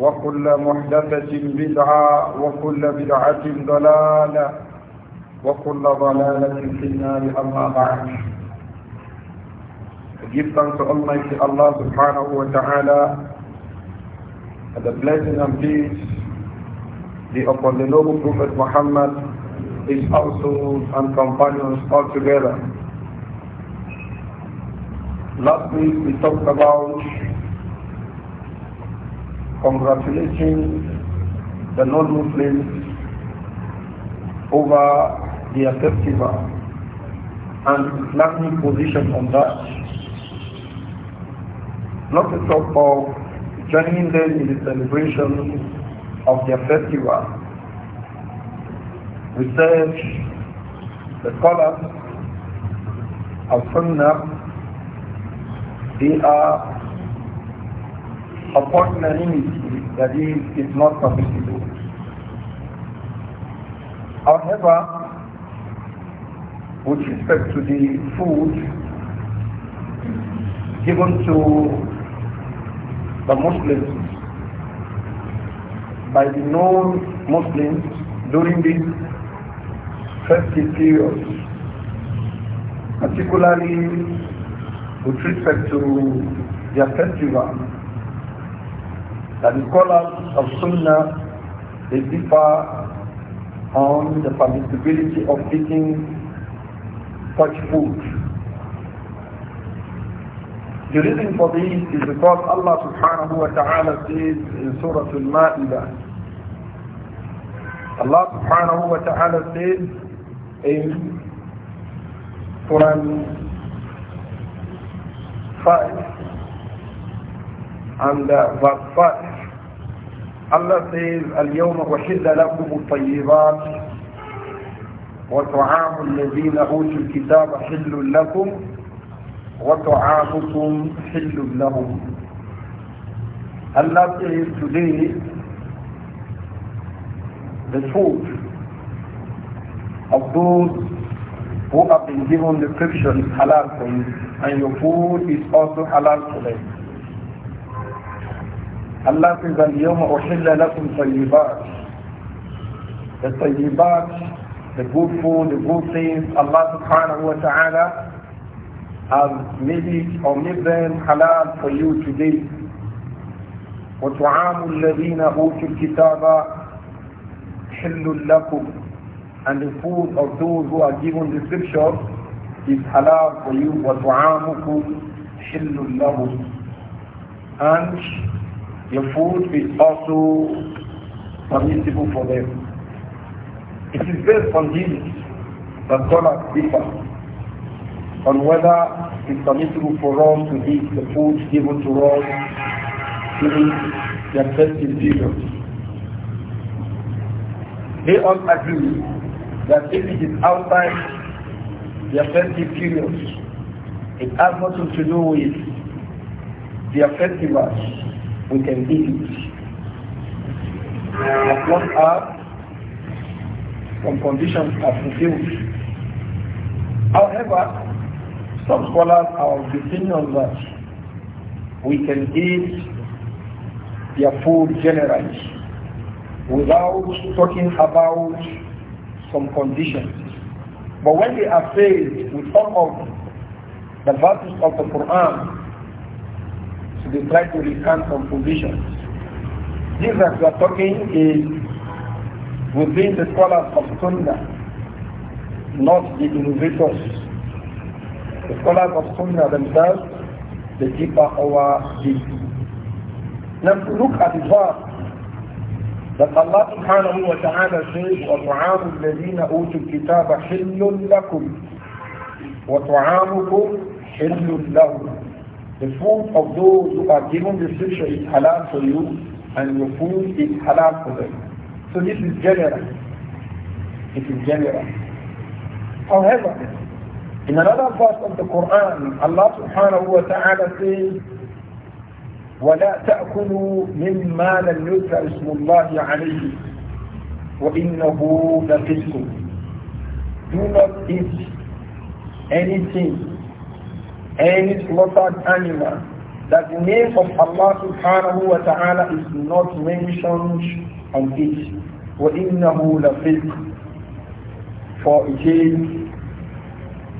وكل محدثة بدعة وكل بدعة ضلالة وكل ضلالة في النار أما بعد Give thanks to Almighty Allah subhanahu wa ta'ala and the blessing and peace be upon the noble Prophet Muhammad, his household and companions all together. Last week we talked about congratulating the non-Muslims over their festival and Islamic position on that. Not to talk of joining them in the celebration of their festival. We said the scholars of Sunnah, they are upon an image that is, is not permissible. However, with respect to the food given to the Muslims by the non-Muslims during this festive period, particularly with respect to their festival, that the scholars of Sunnah they differ on the permissibility of eating such food. The reason for this is because Allah subhanahu wa ta'ala says in Surah Al-Ma'idah, Allah subhanahu wa ta'ala says in Quran 5, and uh, verse 5. Allah says, اليوم وحل لكم الطيبات وطعام الذين أوتوا الكتاب حل لكم وطعامكم حل لهم. Allah says today, the food of those who have been given the scripture is halal for you, and your food is also halal for them. الله في ذا اليوم أحل لكم طيبات The the good food, the good things, Allah subhanahu wa ta'ala has made it or made them halal for you today. وَطُعَامُ الَّذِينَ أُوتُوا الْكِتَابَ حِلٌّ لَكُمْ And the food of those who are given the scripture is halal for you. وَطُعَامُكُمْ حِلٌّ لَهُمْ And Your food is also permissible for them. It is based on this that scholars differ on whether it's permissible for us to eat the food given to us during their festive period. They all agree that if it is outside their festive period, it has nothing to do with their festivals we can eat it. As long as some conditions are fulfilled. However, some scholars are of the opinion that we can eat their food generally without talking about some conditions. But when they are faced with some of the verses of the Quran so they try to recant some positions. This that we are talking is within the scholars of Sunnah, not the innovators. The scholars of Sunnah themselves, the deeper our deep. Now look at the verse that Allah subhanahu wa ta'ala says, وَطَعَامُ الَّذِينَ أُوتُوا الْكِتَابَ حِلٌّ لَكُمْ وَطَعَامُكُمْ حِلٌّ لَهُمْ the food of those who are given scripture is halal for you and your food is halal for them. So this is general. It is general. However, in another verse of the Quran, Allah subhanahu wa ta'ala says, ولا تأكلوا مما لم يذكر اسم الله عليه وإنه لفسق Do not eat anything any slaughtered animal that the name of Allah subhanahu wa ta'ala is not mentioned on it. وَإِنَّهُ لَفِقْ For it is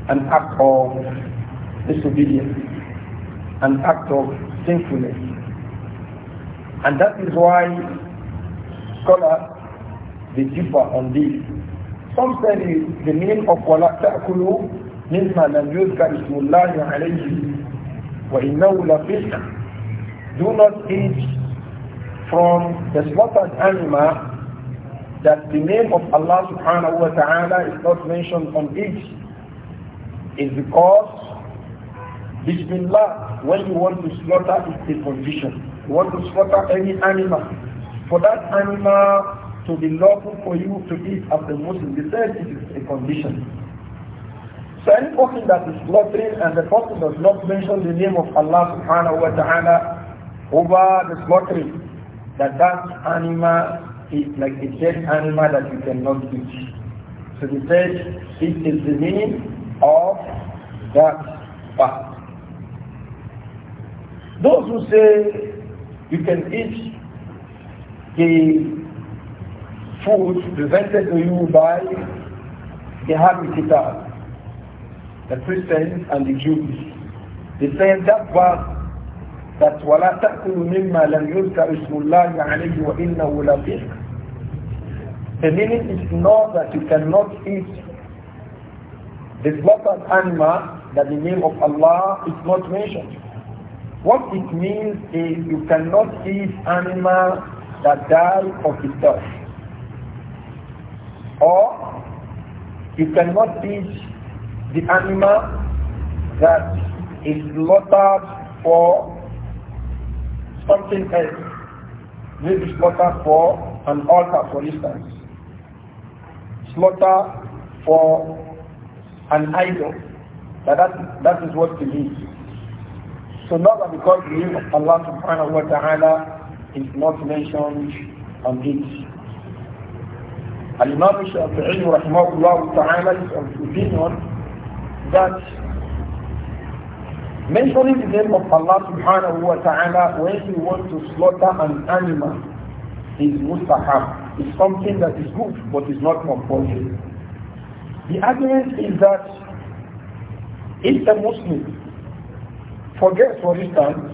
an act of disobedience, an act of sinfulness. And that is why scholars they differ on this. Some say the, name of وَلَا تَأْكُلُوا مما لم يذكر اسم الله عليه وإنه لفسق Do not eat from the slaughtered animal that the name of Allah subhanahu wa ta'ala is not mentioned on it is because Bismillah, when you want to slaughter, it's a condition. You want to slaughter any animal. For that animal to be lawful for you to eat as a Muslim, they said it is a condition. So any person that is slaughtering and the person does not mention the name of Allah subhanahu wa ta'ala over the slaughtering, that that animal is like a dead animal that you cannot eat. So the said is the meaning of that part. Those who say you can eat the food presented to you by the Happy the Christians and the Jews. They said that was that وَلَا تَأْكُلُوا مِمَّا لَمْ يُذْكَرْ اسْمُ اللَّهِ عَلَيْهِ وَإِنَّهُ لَفِسْقٌ the meaning is not that you cannot eat the of animal that the name of Allah is not mentioned. What it means is you cannot eat animal that died of itself. Or you cannot eat the animal that is slaughtered for something else, maybe slaughtered for an altar, for instance, slaughter for an idol. That, that, that is what it means. So not that because the name of Allah subhanahu wa ta'ala is not mentioned on it. Al-Imam Shafi'i rahimahullah ta'ala is of opinion that mentioning the name of Allah subhanahu wa ta'ala when you want to slaughter an animal is mustahab. It's something that is good but is not compulsory. The argument is that if a Muslim forgets for instance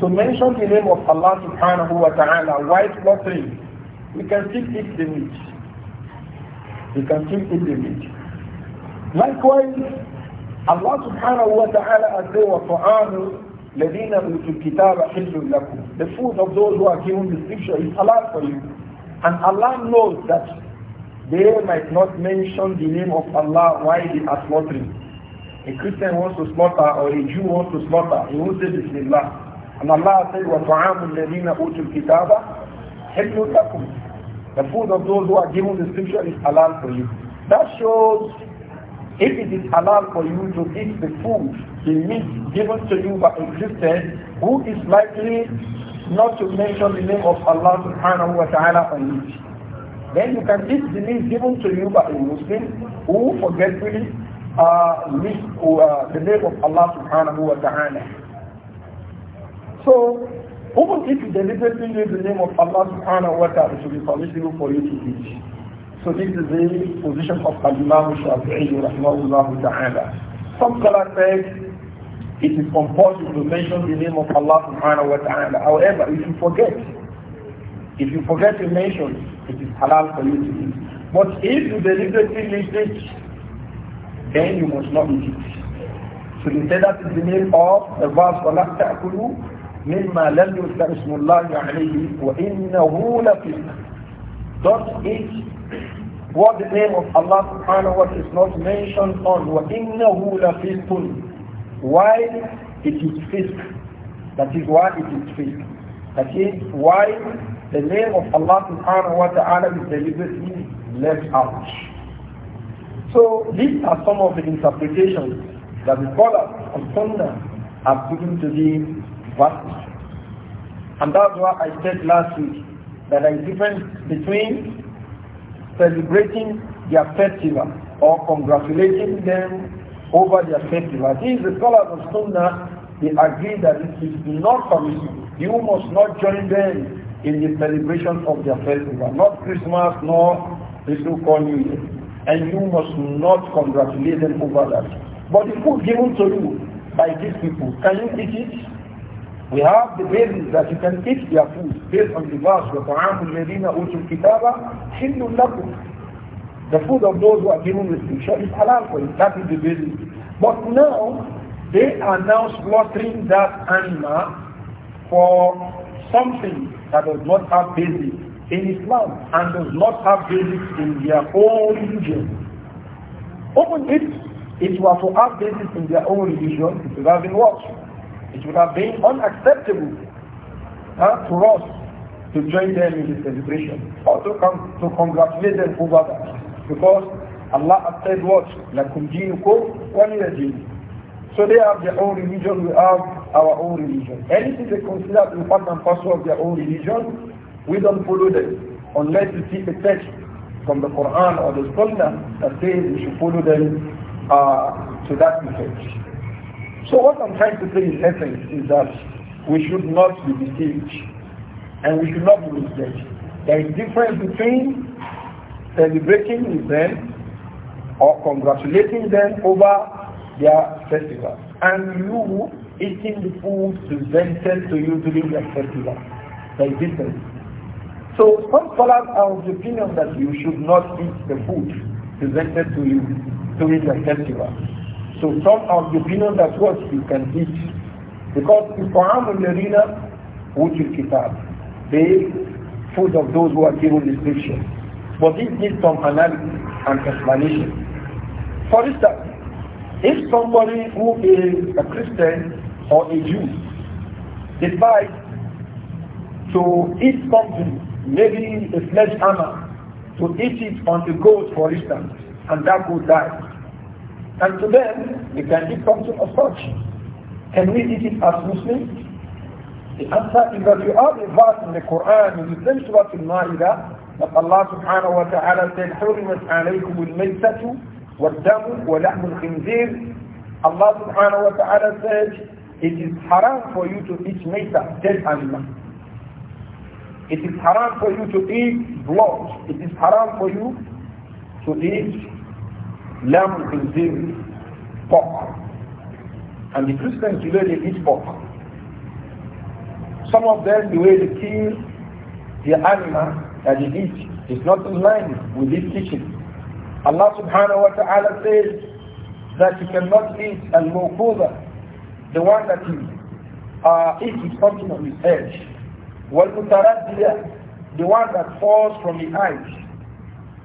to mention the name of Allah subhanahu wa ta'ala while slaughtering, we can still eat the meat. We can still eat the meat. Likewise, Allah subhanahu wa ta'ala has they were ta'anu ladina utul kitaba The food of those who are given the scripture is halal for you. And Allah knows that they might not mention the name of Allah while they are slaughtering. A Christian wants to slaughter or a Jew wants to slaughter, he won't say Bismillah. And Allah said, وَطَعَامُ الَّذِينَ أُوتُوا الْكِتَابَ حِلُّ لَكُمْ The food of those who are given the scripture is halal for you. That shows if it is halal for you to eat the food, the meat given to you by a Christian, who is likely not to mention the name of Allah subhanahu wa ta'ala on it? Then you can eat the meat given to you by a Muslim who forgetfully uh, lists uh, the name of Allah subhanahu wa ta'ala. So, even if you deliberately use the name of Allah subhanahu wa ta'ala, it should be permissible for you to eat. So this is the position of Imam Shafi'i rahmahullah ta'ala. Some scholars say it is compulsory to mention the name of Allah subhanahu wa ta'ala. However, if you forget, if you forget to mention, it is halal for you to eat. But if you deliberately leave it, then you must not eat it. So you say that is the name of the verse وَلَا تَأْكُلُوا مِمَّا لَمْ يُذْكَرِ اسْمُ اللَّهِ عَلَيْهِ وَإِنَّهُ لَفِسْنَةٌ don't eat what the name of Allah subhanahu wa is not mentioned on. وَإِنَّهُ لَفِسْقٌ Why it is fisk. That is why it is fisk. That is why the name of Allah subhanahu wa ta'ala is deliberately left out. So these are some of the interpretations that the scholars of Sunnah have given to the verses. And that's what I said last week that there is difference between celebrating their festival or congratulating them over their festival. These the scholars of Sunnah, they agree that it is not permissible. You must not join them in the celebration of their festival, not Christmas, nor the so-called New Year. And you must not congratulate them over that. But the food given to you by these people, can you eat it? We have the basis that you can eat their food based on the verse وَطَعَامُ الَّذِينَ أُوتُوا الْكِتَابَ حِلٌّ لَكُمْ The food of those who are given restriction is halal for you. That is the basis. But now, they are now slaughtering that animal for something that does not have basis in Islam and does not have basis in their own religion. Open it, it was to have basis in their own religion, it would have been what? It would have been unacceptable for us to join them in the celebration or to, com- to congratulate them over that. Because Allah has said what? لَكُمْ دِينُكُمْ وَلِيَ So they have their own religion, we have our own religion. Anything they consider important, part and parcel of their own religion, we don't follow them unless we see a text from the Quran or the Sunnah that says we should follow them uh, to that effect. So what I'm trying to say in essence is that we should not be deceived and we should not be misled. There is difference between celebrating with them or congratulating them over their festival and you eating the food presented to you during their festival. There is difference. So some scholars are of the opinion that you should not eat the food presented to you during the festival. So some of the opinion that what you can teach. Because if Quran and Arena, which is Kitab, They food of those who are given the scripture. But this needs some analysis and explanation. For instance, if somebody who is a Christian or a Jew decides to eat something, maybe a flesh hammer, to eat it on the goat, for instance, and that goat dies, and to them, they can eat something of such. Can we eat it as Muslims? The answer is that you are a verse in the Quran, in the same Surah Al-Ma'idah, that Allah subhanahu wa ta'ala said, حُرِمَتْ عَلَيْكُمُ الْمَيْتَةُ وَالدَّمُ وَلَحْمُ الْخِنْزِيرِ Allah subhanahu wa ta'ala said, it is haram for you to eat maita, dead animal. It is haram for you to eat blood. It is haram for you to eat lamb consumes pork. And the Christians today, they eat pork. Some of them, the way they kill the animal that they eat is not in line with this teaching. Allah subhanahu wa ta'ala says that you cannot eat and al further. the one that is uh, eat is something on his edge. Wal-mutaraddiya, the one that falls from the eyes,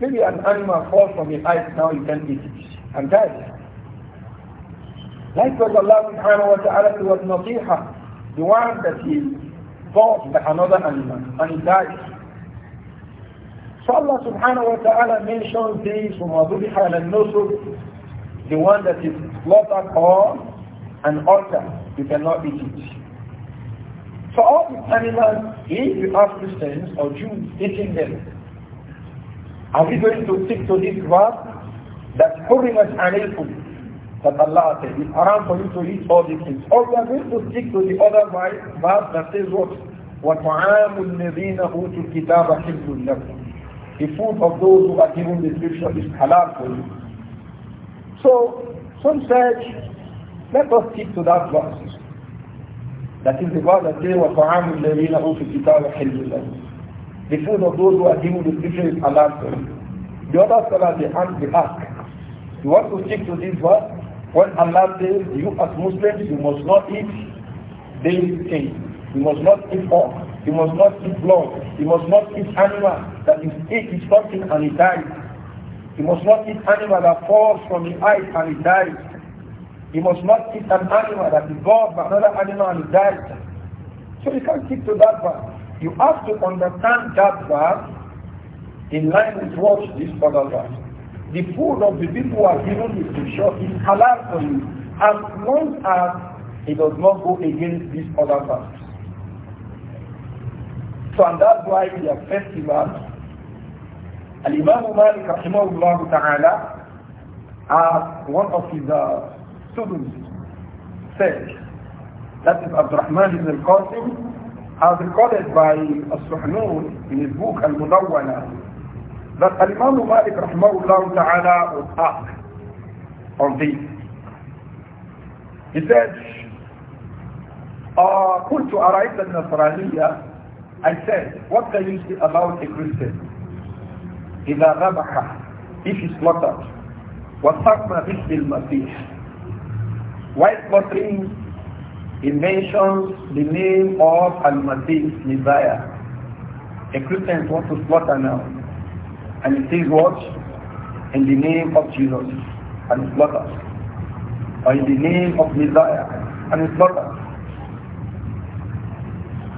Maybe an animal falls from the height, now you can eat it and dies. Likewise, Allah subhanahu wa ta'ala towards Nasiha, the one that he by another animal and he dies. So Allah subhanahu wa ta'ala mentions this from وَمَضُبِحَ عَلَى النُّصُرِ the one that is slaughtered or an altar, you cannot eat it. So all these animals, if you have Christians or Jews eating them, are we going to stick to this verse that حرمت عليكم that Allah said it's haram for you to eat all these things. Or we are going to stick to the other verse that says what? وَطَعَامُ الَّذِينَ أُوتُوا الْكِتَابَ لَكُمْ The food of those who are given the scripture is halal for you. So, some said, let us stick to that verse. That is the verse that says وَطَعَامُ الَّذِينَ أُوتُوا الْكِتَابَ حِلٌّ لَكُمْ the food of those who are given nutrition is allowed to The other scholars, they ask, the ask, you want to stick to this verse? When Allah says, you as Muslims, you must not eat these things. You must not eat pork. You must not eat blood. You must not eat animal that is ate is something and it dies. You must not eat animal that falls from the ice and it dies. You must not eat an animal that is born by another animal and it dies. So you can't stick to that one. You have to understand that verse in line with what this other verse. The food of the people who are given is to show is halal for you as long as it does not go against this other verse. So and that's why the festival Al-Imam Malik rahimahullah ta'ala as one of his uh, students said that is Abdurrahman ibn al-Qasim as recorded by As-Suhnun in his book Al-Mudawwana, that al Imam Malik rahmahullah ta'ala was asked on this. He said, uh, قلت أرأيت النصرانية I said, what can you say about a Christian? إذا ذبح if he slaughtered وسقم باسم المسيح White slaughtering he mentions the name of Al-Masih Messiah. A Christian wants to slaughter now. And he says what? In the name of Jesus. And he By Or in the name of Messiah. And he slaughters.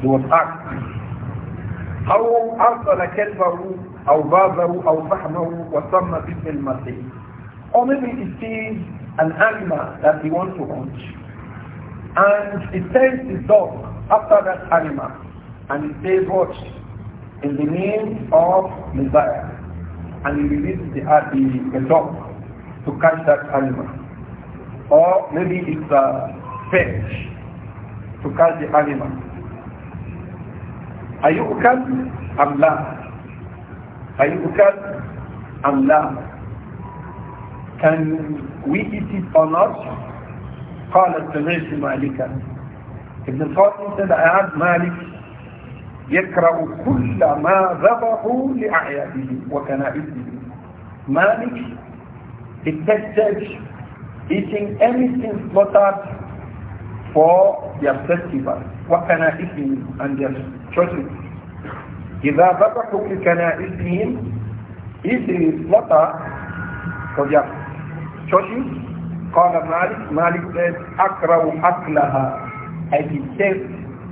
He was asked, أو أرسل كلبه أو بابه أو فحمه وسمى باسم المسيح. Or maybe he sees an animal that he wants to hunt. And he sends his dog after that animal. And he says what? In the name of Messiah. And he releases the, uh, the, the dog to catch that animal. Or maybe it's a fish to catch the animal. Are you أيؤكل أم لا؟ I'm لا؟ Can we eat it or not? قال سمعت مالكا ابن القاسم said I heard Malik يكره كل ما ذبحوا لأعياده وكنائسه Malik detested eating anything slaughtered for their festival وكنائسهم and their churches إذا ذبحوا لكنائسهم if Is slaughter for their churches قال مالك مالك قال أكره أكلها أي كيف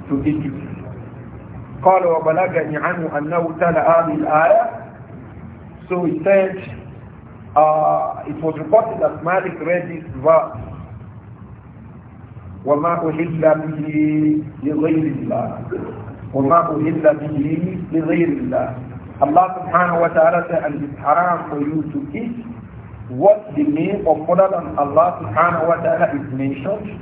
تدكي قال وبلغني عنه أنه تلا هذه الآية so he said uh, it was reported that Malik read this verse وما أهل به لغير الله وما أهل به لغير الله الله سبحانه وتعالى said and it's haram for you to eat what the name of other than Allah subhanahu wa ta'ala is mentioned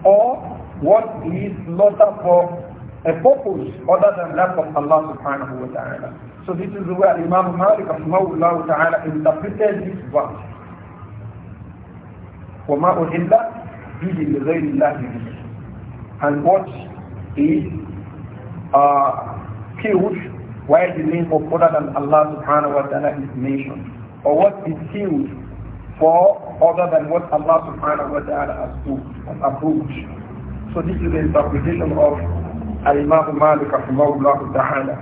or what is not for a purpose other than that of Allah subhanahu wa ta'ala. So this is where Imam Malik rahmahullah ta'ala interpreted this verse. وَمَا أُحِلَّ بِهِ لِغَيْرِ اللَّهِ بِهِ And what is uh, killed while the name of other than Allah subhanahu wa ta'ala is mentioned or what is sealed for other than what Allah subhanahu wa ta'ala has, to, approved. So this is the interpretation of Al-Imam Malik rahimahullah ta'ala.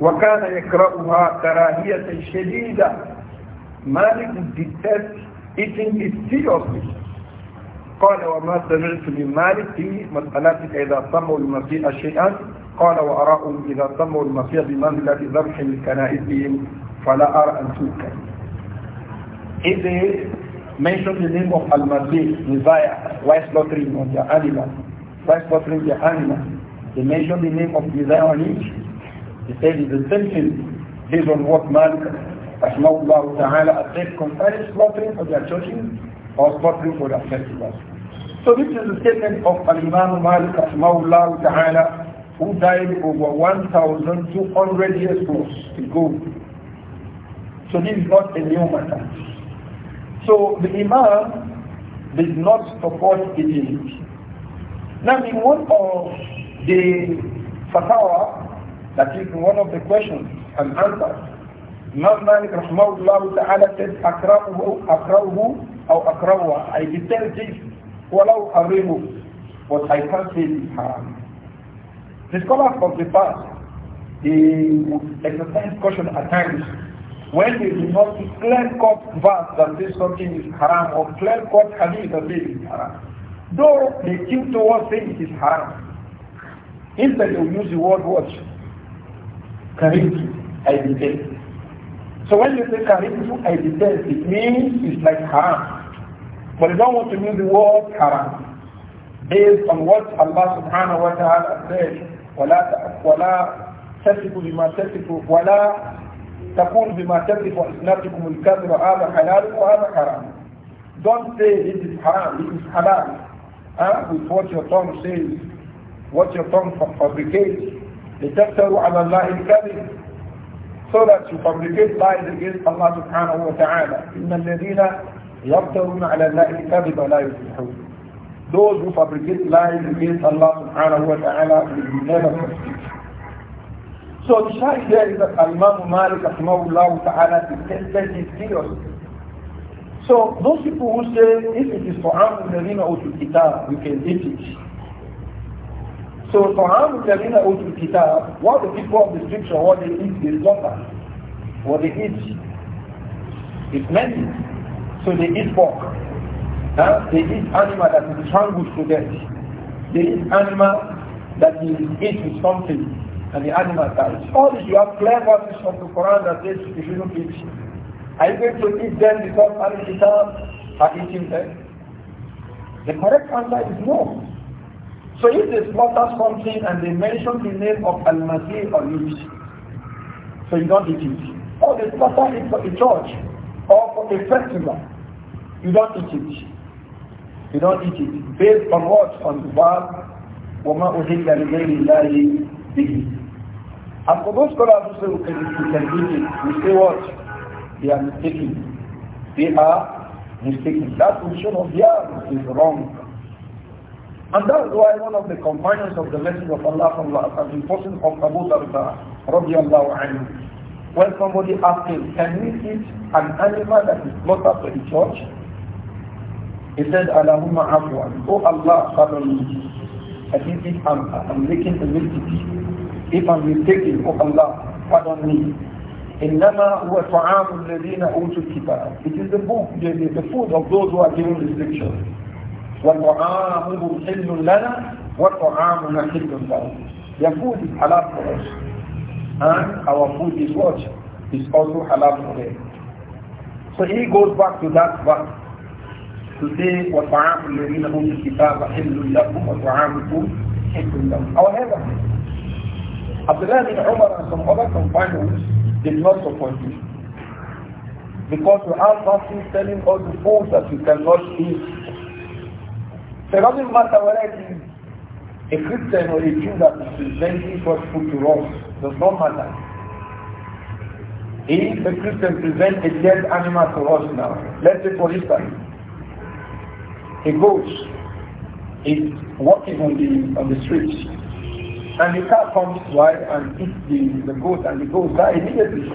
وَكَانَ يَكْرَأُهَا كَرَاهِيَةً شَدِيدًا Malik detests eating it seriously. قال وما سمعت من مالك في مسألتك إذا سموا المسيح شيئا قال وأراهم إذا سموا المسيح بمنزلة ذبح لكنائسهم فلا أرى أن توكل if they mention the name of Al-Masih, Messiah, why slaughtering of their animal? Why slaughtering their animal? They mention the name of Messiah on each. They say it's the same thing based on what man, Rahmahullah Ta'ala, accepts concerning slaughtering for their children or slaughtering for their festivals. So this is the statement of Al-Imam Malik Rahmahullah Ta'ala who died over 1,200 years ago. So this is not a new matter. So the Imam did not support the it. Now in one of the fatwa, that is one of the questions and answers, Imam Malik rahmahullah ta'ala said, أكرهه أكرهه أو أكرهه I detest this ولو أرهه but I can't say it's haram. The scholars of the past, they exercise caution at times when they do not see clear-cut verse that this something is haram or clear-cut hadith that says it is haram. Though they tilt towards saying it is haram. Instead they use the word watch Karitu, I detest. So when you say Karitu, I detest, it means it's like haram. But they don't want to use the word haram. Based on what Allah subhanahu wa ta'ala said, وَلَا تَأْكُلَا بِمَا تَسِكُ وَلَا تقول بما هذا حلال وهذا حرام Don't say it is haram, it is halal. Huh? With what your tongue says, what your tongue fabricates. لتفتروا على الله الكذب So that you fabricate lies against Allah subhanahu wa ta'ala. إن الذين يفترون على الله الكذب لا يفلحون Those who fabricate lies against Allah subhanahu wa ta'ala will never succeed. So the shahid there is that Imam Malik rahimahullah ta'ala detested this period. So those people who say if it is for Amulina Utul Kitab, we can eat it. So for Amulina Utul Kitab, what the people of the scripture, what they eat is longer. What they eat is many. So they eat pork. Huh? They eat animal that is strangled to death. They eat animal that is eat with something and the animal dies. All this, you have clear verses from the Quran that says you shouldn't eat. Are you going to eat them because Ahlul Kitab are eating them? The correct answer is no. So if they slaughter something and they mention the name of Al-Masih or Yus, so you don't eat it. Or they slaughter it for a church or for a festival, you don't eat it. You don't eat it. Based on what? On the verb, وَمَا أُهِلَّ لِغَيْرِ اللَّهِ به and for those scholars who say we can, we can do it, we say what? They are mistaken. They are mistaken. That position of theirs is wrong. And that's why one of the companions of the message of Allah from Allah, the person of Abu Darda, when somebody asked him, can we eat an animal that is up to the church? He said, Allahumma afwan, oh Allah, pardon me. I think am I'm making a mistake if I'm mistaken, oh Allah, pardon me. إنما هو طعام الذين أوتوا الكتاب. It is the book, the, the, food of those who are given restrictions. وطعامهم حل لنا وطعامنا حل لهم. Their food is halal for us. And our food is what? Is also halal for them. So he goes back to that verse to say وطعام الذين أوتوا الكتاب حل لكم وطعامكم حل Our heaven. Abdullah bin Umar and some other companions did not support me Because we have nothing telling all the foods that we cannot eat. So it doesn't matter whether it is a Christian or a Jew that is presenting such food to us. Does not matter. If a Christian presents a dead animal to us now, let's say for instance, a goat is walking on the on the streets and the cat comes wild and eats the, the goat and the goat die immediately.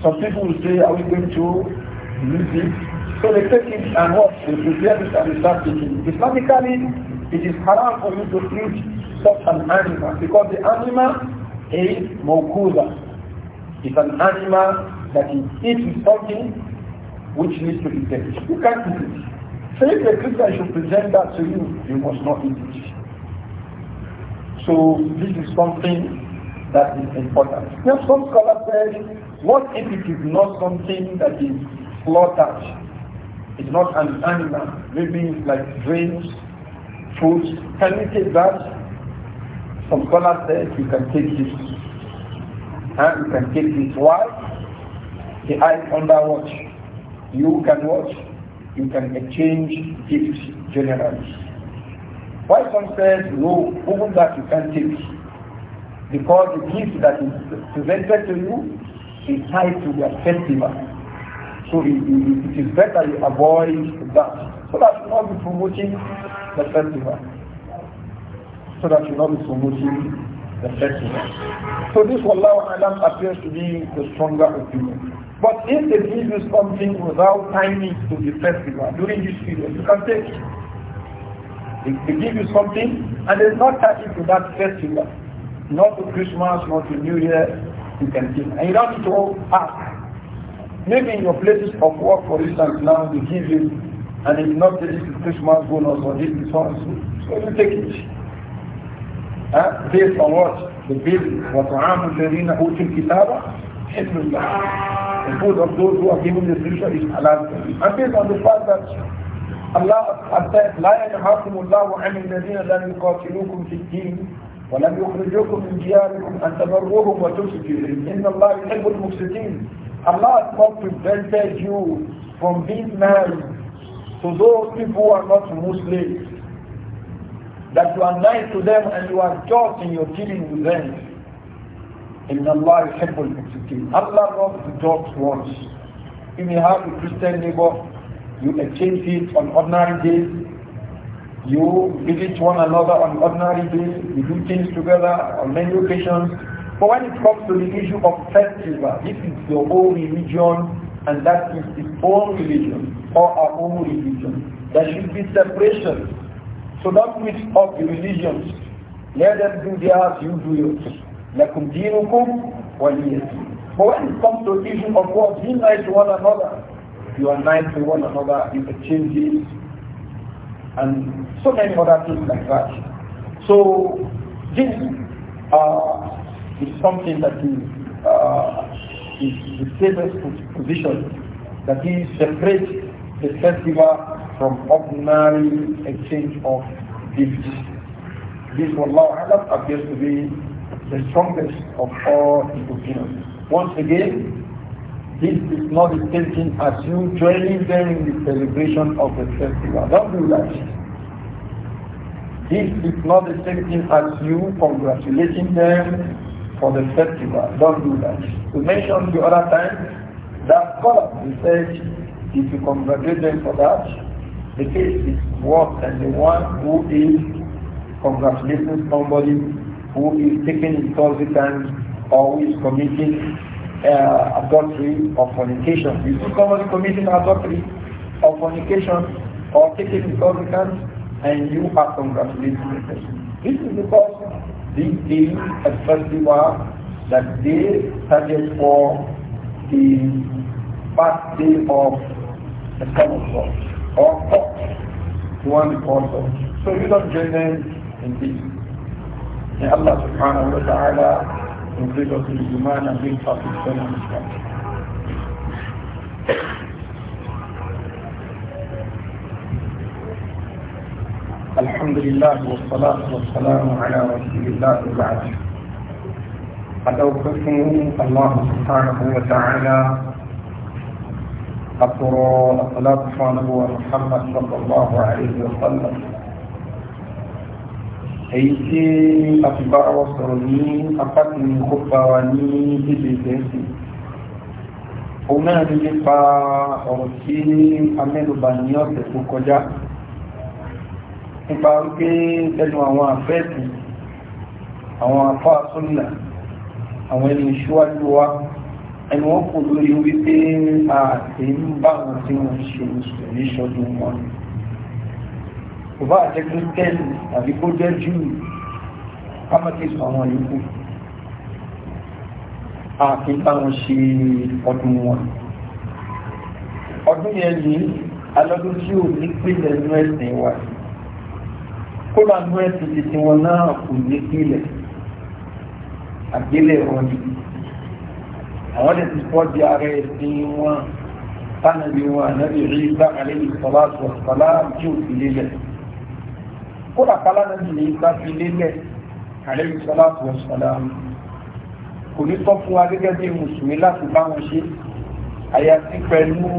Some people will say, are we going to lose it? So they take it and what? They prepare it and they start eating. Islamically, it is haram for you to eat such an animal because the animal is mokuza. It's an animal that is eating something which needs to be dead. You can't eat it. So if a Christian should present that to you, you must not eat it. So this is something that is important. Now some scholars said, what if it is not something that is slaughtered? It's not an animal. Maybe it's like grains, fruits. Can you take that? Some scholars said you can take this. And you can take this. Why? The eye under watch. You can watch. You can exchange gifts generally. Why some says no, even that you can't take. Because the gift that is presented to you is tied to the festival. So it, it, it is better you avoid that. So that you not be promoting the festival. So that you not be promoting the festival. So this Wallahu Alam appears to be the stronger opinion. But if they give you something without timing to the festival during this period, you can take it. They, give you something and it's not attached to that festival. Not to Christmas, not to New Year, you can give. And you don't need to ask. Maybe in your places of work, for instance, now they give you and it's not this is Christmas bonus or this is so So you take it. Huh? Based on what? The bill. وَطَعَامُ الَّذِينَ أُوتُوا الْكِتَابَ حِلْمُ اللَّهِ The food of those who are given the scripture is halal. And based on the fact that Allah has لا ينهاكم الله عن الذين لم يقاتلوكم في الدين ولم يخرجوكم من دياركم أن تبروهم وتسجوا إن الله يحب المفسدين Allah has not prevented you from being married to those people who are not Muslims that you are nice to them and you are just in your dealing with them. In Allah, you help Allah loves the just ones. You may have a Christian neighbor, you exchange seats on ordinary days, you visit one another on ordinary days, you do things together on many occasions. But when it comes to the issue of festival, this is your own religion and that is the own religion or our own religion. There should be separation. So don't mix up the religions. Let them do theirs, you do yours. لَكُمْ دِينُكُمْ وَلِيَ But when it comes to the issue of what, unites to one another you are nice to one another, interchanges, and so many other things like that. So this uh, is something that is, uh, is the safest position that is separate the festival from ordinary exchange of gifts. This one Alam appears to be the strongest of all the opinions. Once again, this is not the same thing as you joining them in the celebration of the festival. Don't do that. This is not the same thing as you congratulating them for the festival. Don't do that. We mentioned the other time that color. said if you congratulate them for that, the case is worse than the one who is congratulating somebody who is taking intoxicants or who is committing uh, adultery or fornication. You see someone committing adultery or fornication or taking intoxicants and you are congratulating the person. This is because these things expressly were that they target for the first day of the common God or God, the one called God. So you don't join them in this. May Allah subhanahu wa ta'ala السلام الحمد لله والصلاة والسلام على رسول الله وبعد قد أوفقكم الله سبحانه وتعالى أقرأ الصلاة والسلام على محمد صلى الله عليه وسلم èyí tí a ti bá ọ sọ̀rọ̀ ní apákan ìkópa wa ní èdè gẹ̀ẹ́sì òun náà ní nípa ọ̀rọ̀ tí amẹ́nubà ní ọ̀sẹ̀ tó kọjá nípa wípé ẹnu àwọn àfẹ́ẹ̀tì àwọn afọ́ àtúnlà àwọn ẹni ìṣúwájú wa ẹni wọ́n kò lórí wípé àti ń bá wọn tí wọ́n ṣe mùsùlùmí wọn kò bá jẹ́ kírísítẹ́nì tàbí kó jẹ́ júù kámọ́tìsì àwọn yòókù ààfin táwọn ṣe ọdún wọn ọdún yẹn ní alọ́dún tí ò ní pínlẹ̀ inú ẹ̀sìn wa kódà inú ẹ̀sìn títí wọn náà kò ní pínlẹ̀ àgbélẹ̀ wọn ni àwọn lè ti pọ́ di ara ẹ̀sìn wọn tánàbí wọn ànábì rí bá àlẹ́ ìsọ̀lá tí ò sí lélẹ̀ kódà kálámẹ́bì ní bá fi lélẹ̀ àlẹ́yìn sọ́láàtù ọ̀sọ̀lá kò ní tọ́ fún wa gẹ́gẹ́ bí mùsùlùmí láti bá wọn ṣe àyàfi pẹ̀lú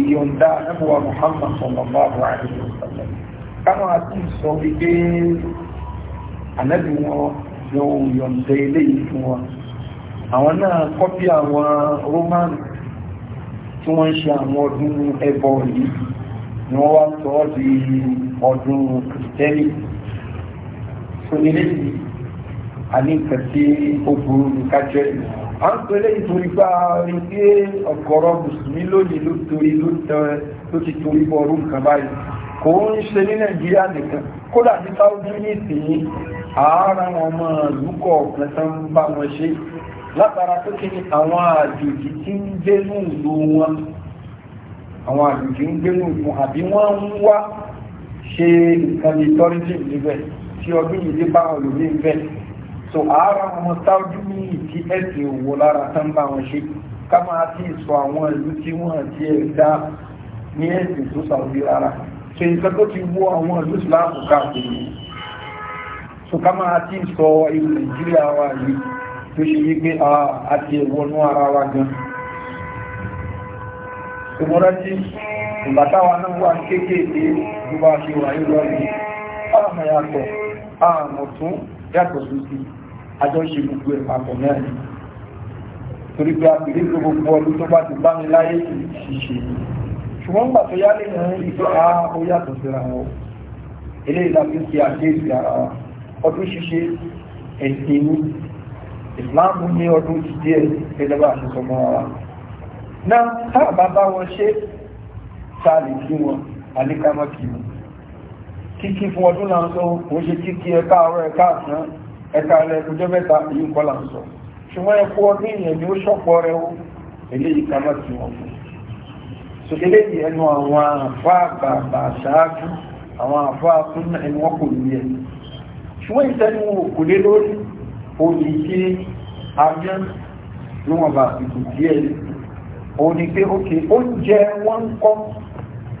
ìyọ̀ǹda ẹ̀bùwà Muhammad sallallahu alaihi wasallam káwọn àti sọ wípé ànábì wọn yóò yọ̀ǹda eléyìí àwọn náà kọ́pì àwọn Roman tí wọ́n ń ṣe àwọn ọdún ẹbọ yìí ni wọ́n wá sọ ọ́ di ọdún kìrìtẹ́lì tó ní léyìí a ní nǹkan tí ó burú ní kájẹ́ à ń pè léyìí bá a rí pé ọ̀gọ̀rọ̀ mùsùlùmí lónìí ló torí ló ti torí bọ̀ ọdún kan báyìí kò ń ṣe ní nàìjíríà nìkan kódà ní sáwọ́dí ní ìsìn ààrà wọn mọ́ lúkọ̀ ọ̀pẹ́ tán bá wọn ṣe látara tó kí ni àwọn àjòjì tí ń gbénú ìlú wọn àwọn àjòjì ń gbénú ìlú àbí wọ́n ń wá ṣe nǹkan bíi tourism níbẹ̀ tí ọdún yìí dé bá wọn lò ní ibẹ̀ so àárọ̀ wọn sáájú ní ìdí ẹ̀sìn òwò lára tán bá wọn ṣe ká máa ti sọ àwọn ìlú tí wọ́n ti ẹ̀ dá ní ẹ̀sìn tó sàwọ́dí rárá so nǹkan tó ti wọ àwọn ìlú ìsìláàmù káàkiri so ká máa ti sọ ìlú nàìjíríà wa yìí tó ṣe wípé a ti wọnú ara wa gan ìmọ̀ràn tí ìgbàtàwa náà wà kéékèèké kó bá ṣe wà nílọ rí àmà yàtọ̀ àmà tún yàtọ̀ sí ti àjọṣe gbogbo ẹ̀ papọ̀ náà ni torí pé àpèlé tó gbogbo ọdún tó bá ti bá mi láyé ṣiṣẹ́ ṣùgbọ́n gbà tó yálé ní ìfẹ́ àá ó yàtọ̀ síra wọn eléyìí láti ṣe àkéèsì ara wa ọdún ṣíṣe ẹ̀sìn ní ìsìláàmù ní ọdún ti díẹ̀ ẹlẹ́bà àṣìṣọ́ mọ́ wa náà tá àbá bá wọn ṣe tá lè kí wọn àníkàmọ́kì kíkí fún ọdún là ń sọ kò ṣe kíkí ẹ̀ka ọ̀rọ̀ ẹ̀ka àsán ẹ̀ka rẹ̀ ẹ̀kọjọ́ mẹ́ta èyí kọ́ là ń sọ ṣùgbọ́n ẹ̀kọ́ ọdún ìyẹn ni ó ṣọ̀pọ̀ rẹ̀ ó eléyìí kàmọ́kì wọn fún so eléyìí ẹnu àwọn àfa bàbà ṣáájú àwọn àfa fún ẹni ní pé ókè oúnjẹ wọn kọ́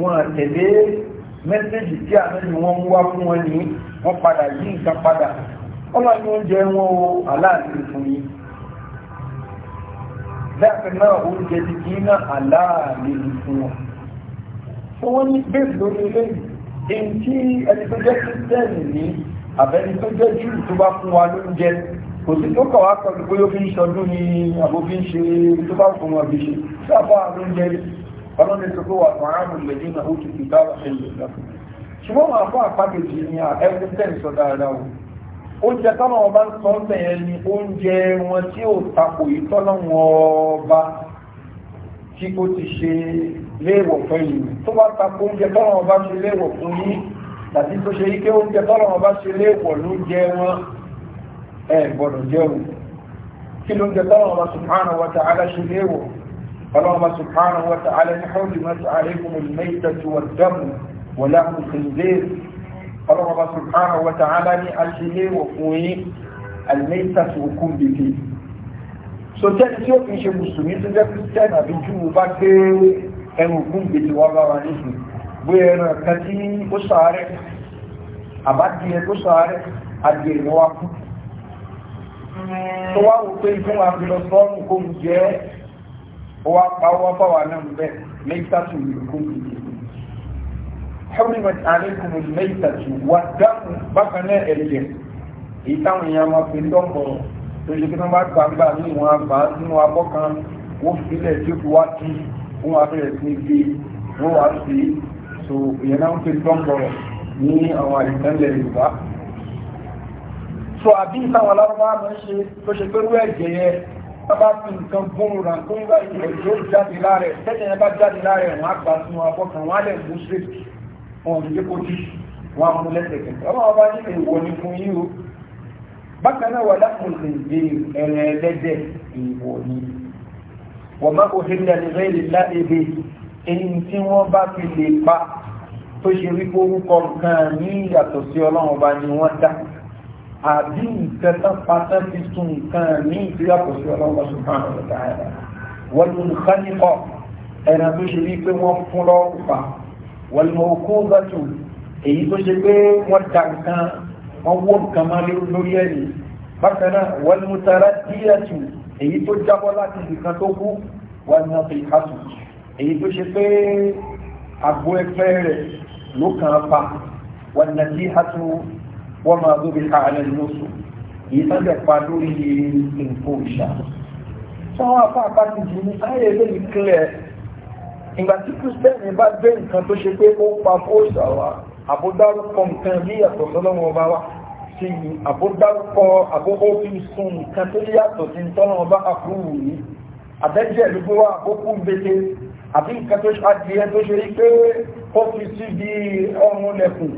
wọn àtẹ̀lé mẹ́sẹ̀jì tí àmẹ́lì wọn ń wá fún wọn ní wọ́n padà yí nǹkan padà ọlọ́ni oúnjẹ wọn o aláàlú fún yín bẹ́ẹ̀ náà oúnjẹ ti kí náà aláàlú fún wọn fún wọn ní bẹ́ẹ̀ lórí eléyìí èyí tí ẹni tó jẹ́ kírísítẹ́nì ní àbẹ́ni tó jẹ́ jù tó bá fún wa lóúnjẹ kò sí tó kọ̀ wá pẹ̀lú bóyá ó fi ń ṣọdún ní àbó fi ń ṣe tó bá fún wọn fi ṣe tí àbá lóúnjẹ ọlọ́ni tó kó wà fún ààrùn lè dínà ó ti fìdá ọ̀sẹ̀ lè lọ ṣùgbọ́n wọn fún àpákejì ni à ẹgbẹ́ tẹ̀ sọ dáadáa o oúnjẹ tọ́nà ọba ń sọ ọ́sẹ̀ yẹn ni oúnjẹ wọn tí ó takò yìí tọ́nà ọba tí ó ti ṣe léèwọ̀ fún yìí tó bá takò oúnjẹ tọ́nà ọba ṣe léèwọ̀ fún yìí tàbí tó ṣe yí oúnjẹ tọ́nà ọba ṣe léèwọ̀ ló jẹ wọn ẹ gbọ́dọ̀ jẹun kí ló ń jẹ tọ́nà ọba subhanahu اللهم سبحانه وتعالى حرمت عليكم الميتة والدم ولحم الخنزير اللهم سبحانه وتعالى ni asile wafuyi almeita ti hukun bibi so tẹ́ni tí ó fi ṣe mùsùlùmí tó jẹ́ kristian àbí júù bá gbé ẹnu hukun bibi wá bá wa nísìn bó ẹran kan tí ó sàárẹ̀ àbádìẹ tó sàárẹ̀ adìẹ ìwà kú tó wá wò pé ìfún àfihàn sọ́ọ̀nù kò ń jẹ́ ó wá pa ọwọ́ fáwọn náà bẹ́ẹ̀ mẹ́ta tó lè kó ìdí. حرمت عليكم الميتة والدم بقنا الجن ìtàwọn èèyàn wọn fi lọ́pọ̀rọ̀ tó ṣe kí wọ́n bá gbàgbà ní ìwọ̀n àgbà so ìyẹn náà ń fi lọ́pọ̀rọ̀ ní àwọn so àbí ìtàwọn alárúbá máa ń ṣe tó ṣe pé ẹ̀jẹ̀ bàbá fi nǹkan gbóòrùn rà tó ń gbà ìwẹ̀ yóò jáde lára ẹ̀ tẹ́lẹ̀ yẹn bá jáde lára ẹ̀ wọ́n á gbà sínú abọ́ kan wọ́n á lẹ̀ mú sí wọn ò ní jẹ́ kó dì wọ́n á mú lẹ́sẹ̀kẹsẹ̀ ọmọ ọba ní èèwọ̀ ni fún yín o bákan náà wà lápùn lè dé ẹ̀rẹ̀ ẹlẹ́dẹ̀ èèwọ̀ ni wọ́n má kò hílẹ̀ ní rẹ́ẹ̀lì láébé ẹni tí wọ́n bá fi lè pa tó ṣe wípé orúkọ nǹkan ní ìyàtọ̀ sí ọlọ́run ọba ni wọ́n dá àbí nǹkan tán pátá fi sun nǹkan ní ìtura kò sí ọlọ́wọ́ subhanahu wa ta'ala wal munkhaniqa ẹran tó ṣe wípé wọ́n fún lọ́wọ́ pa wal mawqudatu èyí tó ṣe pé wọ́n da nǹkan wọ́n wó nǹkan máa lé lórí ẹ̀yìn bákan náà wal mutaraddiyatu èyí tó jábọ́ láti nǹkan tó kú wal natihatu èyí tó ṣe pé àgbo ẹgbẹ́ rẹ̀ ló kàn án pa wal natihatu wọ́n máa lóbi ká alẹ́ lóṣù èyí tó lè pa lórí nǹkan òṣà tí wọ́n apá apá ti jù ní ayé lè ní kílẹ̀ ìgbà tí kristẹni bá gbé nǹkan tó ṣe pé ó pa fóòṣà wa àbódárúkọ nǹkan ní ìyàtọ̀ sọ́lọ́wọ́ bá wá sí i àbódárúkọ àbókófin sun nǹkan tó ní yàtọ̀ sí tọ́lọ́wọ́ bá àkúrú yìí àtẹ́jẹ́ ló gbé wá àkókò gbèsè àbí nǹkan tó ṣe adìẹ tó ṣe rí pé ó fi sí bí ọrùn lẹ́kùn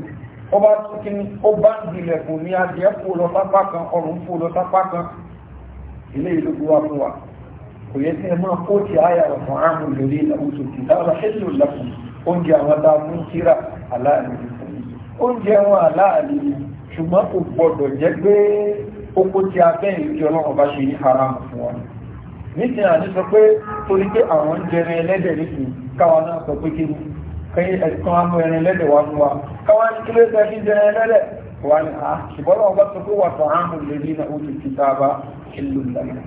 ó bá tún kí ní ó bá ń dilẹ̀kùn ní adìẹ fò lọ sápá kan ọrùn fò lọ sápá kan ilé ìlú wa fún wa kò yẹ kí ẹ máa kó ti àyà rẹ̀ fún àmú lórí ìlàwùsọ tí dára ṣètò lẹ́kùn oúnjẹ àwọn tá a mú kíra aláàlú oúnjẹ wọn aláàlú ṣùgbọ́n kò gbọdọ̀ jẹ́ pé oko ti abẹ́ ìlú tí ọlọ́run bá ṣe ní haram fún wa nísìnyí àti sọ pé torí pé àwọn ń jẹrin ẹlẹ́dẹ̀ nìkan káwa náà sọ pé kí pé ẹ̀sùn amú ẹran lẹ́dẹ̀ wà fún wa káwá ní kílé tẹ́ fi jẹ ẹran lẹ́dẹ̀ wà ní a ah, ṣùgbọ́n wọn bá sọ pé wà fún àmú lè rí na oṣù tí tá a bá ìlú lẹ́yìn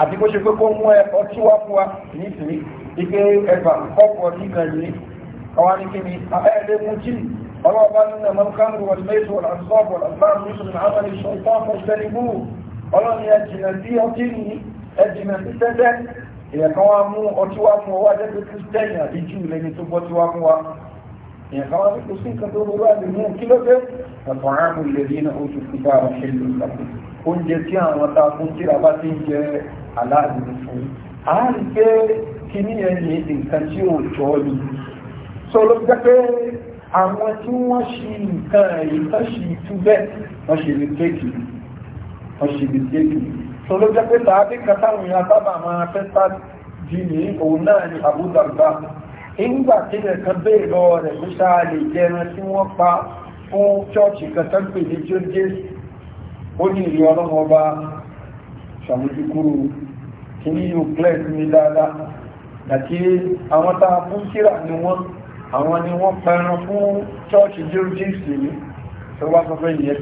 àti bó ṣe pé kó mú ẹ ọtí wá fún wa nísìnyí ike ẹ̀fà ọkọ̀ nígbà yìí káwá ní kíni ẹ̀ẹ́dẹ́gún jíì ọlọ́wọ́ bá nínú ẹ̀mọ́ kánú wọ̀n mẹ́tò àṣọ́bọ̀ èèyàn kan wá mú ọtí wá fún ọwọ́ àjẹ́gbẹ́ kírísítẹ́nì àbí jù lẹ́ni tó bọ́ tí wá fún wa èèyàn kan wá ní kò sí nǹkan tó lọ́wọ́ àbí mú kí ló dé ẹ̀fọ́ àmú ilẹ̀ yìí náà ó ti fi bá ọ̀ṣẹ́ ìlú ìlàkùn oúnjẹ tí àwọn ta fún tíra bá ti ń jẹ aláàbò fún a rí pé kí ní nǹkan tí ò jọ ni so ló jẹ́ pé àwọn tí wọ́n ṣe nǹkan èyí tó ṣe tú bẹ́ẹ̀ wọ́n ṣe mistake wọ́n tó ló jẹ́ pé tàbí kátàrùn ya sábà máa fẹ́ sá ní òun náà ni Abu Darda ìgbà tí ẹ̀kan bèèrè lọ rẹ̀ ló sáà lè jẹran tí wọ́n pa fún chọ́ọ̀chì kan tó ń pè ní tí ó jẹ́ ó ní ìlú ọlọ́run ṣàmójúkúrú kí ní yóò ni wọ́n àwọn ni wọ́n pẹran fún chọ́ọ̀chì jẹ́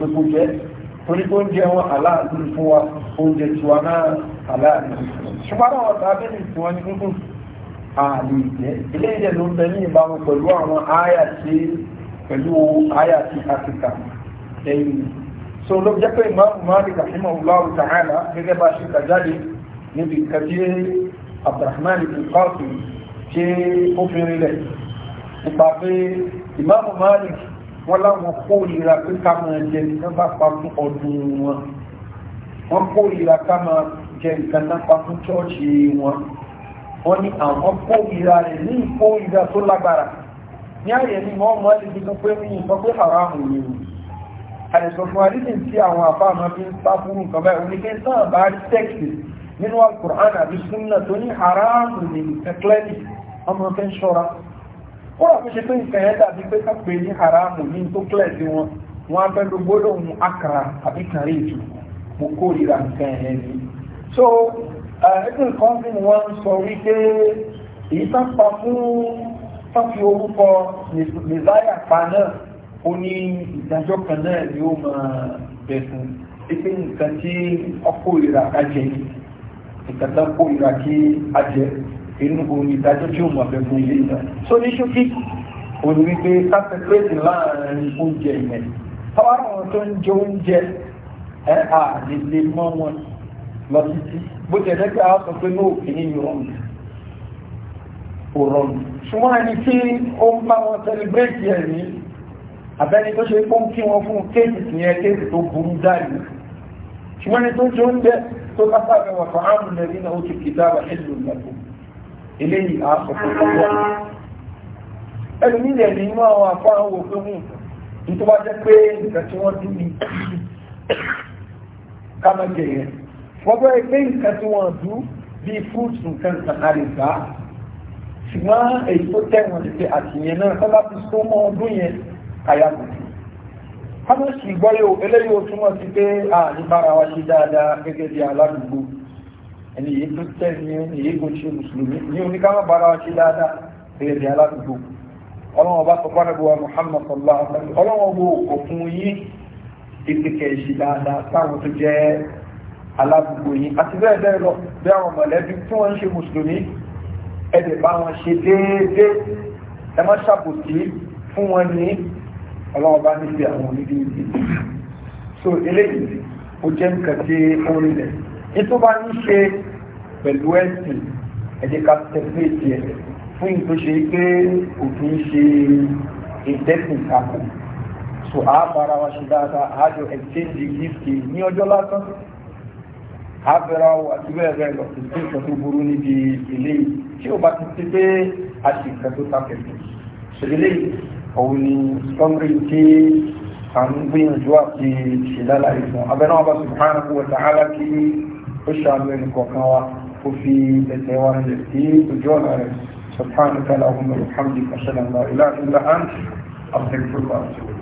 ó torí oúnjẹ wọn aláàlú fún wa oúnjẹ tiwa náà aláàlú ṣùgbọ́n àwọn ọ̀tá abẹ́lẹ̀ tí wọ́n ní gúngùn ààlè ìjẹ́ ilé ìjẹ́ ló ń bẹ ní ìbámu pẹ̀lú àwọn àyà tí pẹ̀lú àyà tí áfíríkà ẹ̀yìn so ló jẹ́ pé ìmáàmù Malik rahimahullahu ta'ala gẹ́gẹ́ bá ṣe kàjáde níbi kàdí Abdurrahman ibn Qasim ṣe ó fi rinlẹ̀ nípa pé ìmáàmù Malik wọ́n láwọn kórìíra pé ká máa jẹ nǹkan bá pa fún ọdún wọn wọ́n kórìíra ká máa jẹ nǹkan náà pa fún chọ́ọ̀chì wọn wọ́n ní àwọn kórìíra rẹ̀ ní ìkórìíra tó lágbára ní àyè ni wọ́n mọ́ ẹni tuntun pé ní ìsọ pé haramu ni o àìsàn fún àdídì tí àwọn àfáàmọ́ fi ń sá fún nǹkan báyìí oníkẹ́ sáà bá rí tẹ́kìtì nínú alukur'an àbí súnà tó ní haramu ni ìtẹ́kẹ́lẹ́lì ọmọ fẹ́ ń ṣọ́ra kódà tó ṣe pé nǹkan yẹn dàbí pé ká pè ní haramu ní tó kílẹ̀ sí wọn wọn á fẹ́ gbọ́dọ̀ mu akara àbí kàrí ètò mo kórìíra nǹkan yẹn ni. so ẹgbẹ́ nǹkan bí wọ́n sọ wípé èyí tá pa fún fáfi orúkọ mẹsáyà pa náà ó ní ìdájọ́ kan náà ni ó máa bẹ̀ fún pípé nǹkan tí ọkọ̀ ìrà ajẹ́ nǹkan tó kórìíra kí ajẹ́ inú omi ìdájọ́ tí ó mọ̀ fẹ́ fún ilé ìgbà so ní ṣókí òní wípé káfẹ́kẹ́tì láàrin oúnjẹ ìmẹ̀ tọ́wọ́n àwọn tó ń jẹ oúnjẹ ẹ̀ à lè lè mọ́ wọn lọ títí bó tẹ̀ lẹ́gbẹ̀ẹ́ àwọn sọ pé náà kì í yọrùn òrọ̀n ṣùgbọ́n ẹni tí ó ń bá wọn sẹlẹ̀bírẹ́tì ẹ̀ ní abẹ́ni tó ṣe pọ́n kí wọn fún kéèkì tìyẹn kéèkì tó burú dáì ṣùgbọ́n ẹni tó ń jẹ oúnjẹ tó kásáfẹ́ wà fún àmì lẹ́yìn náà ó ti kìtà wà nílùú lẹ́kọ̀ọ́ eléyìí á sọ pé ọwọ́ ẹnu nílẹ̀ ní inú àwọn afọ àwọn òfin mú tó bá jẹ́ pé nǹkan tí wọ́n dún ní kámẹ́jẹ yẹn wọ́n bẹ̀rẹ̀ pé nǹkan tí wọ́n dún bíi fúrúùtù nǹkan kan á lè gbà á ṣùgbọ́n èyí tó tẹ̀wọ̀n lè ṣe àtìyẹn náà tó bá ti so mọ́ ọdún yẹn àyàtọ̀ kámẹ́sì gbọ́yò eléyìí ó túmọ̀ sí pé àní bára wa ṣe dáadáa gẹ́gẹ́ bí aládùúgbò ẹni yìí kristian ni ẹni yìí kò ṣe mùsùlùmí ní oníkàmọ́ bára wa ṣe dáadáa fèrè aládùúgbò ọlọ́wọ́n bá sọ pàdé wa muhammad sallallahu alaihi wa sallam ọlọ́wọ́n wo òfin yìí ìpìkẹ̀ ṣe dáadáa táwọn tó jẹ́ aládùúgbò yìí àti bẹ́ẹ̀ bẹ́ẹ̀ lọ bí àwọn mọ̀lẹ́bí tí wọ́n ń ṣe mùsùlùmí ẹ̀dẹ̀ bá wọn ṣe déédéé ẹ ètò bá ń ṣe pẹ̀lú ẹ̀sìn ẹ̀jẹ̀ ká tẹ̀lé tiẹ̀ fún ìtò ṣe pé òfin ṣe ìtẹ́sìn kakò so a bára wa ṣe dáadáa a jọ exchange gift ní ọjọ́ lásán a bẹ̀rẹ̀ wa àti bẹ́ẹ̀ bẹ́ẹ̀ lọ sí pé ìtọ́jú burú níbi ilé tí ó bá ti ti pé a ṣe ìtẹ́ tó ta pẹ̀lú ṣèlélẹ́ òun ni sọmrí tí à ń gbìyànjú àti ṣèlálàyé fún abẹ́rẹ́ wọn bá subhanahu wa ta'ala kí ó ṣàánú ẹnì kọ̀ọ̀kan wa ó fi ẹsẹ̀ wa rẹ̀ sí ojú ọ̀nà rẹ̀ subhanahu wa ta'ala wa rahmatulahi wa rahmatulahi wa rahmatulahi wa rahmatulahi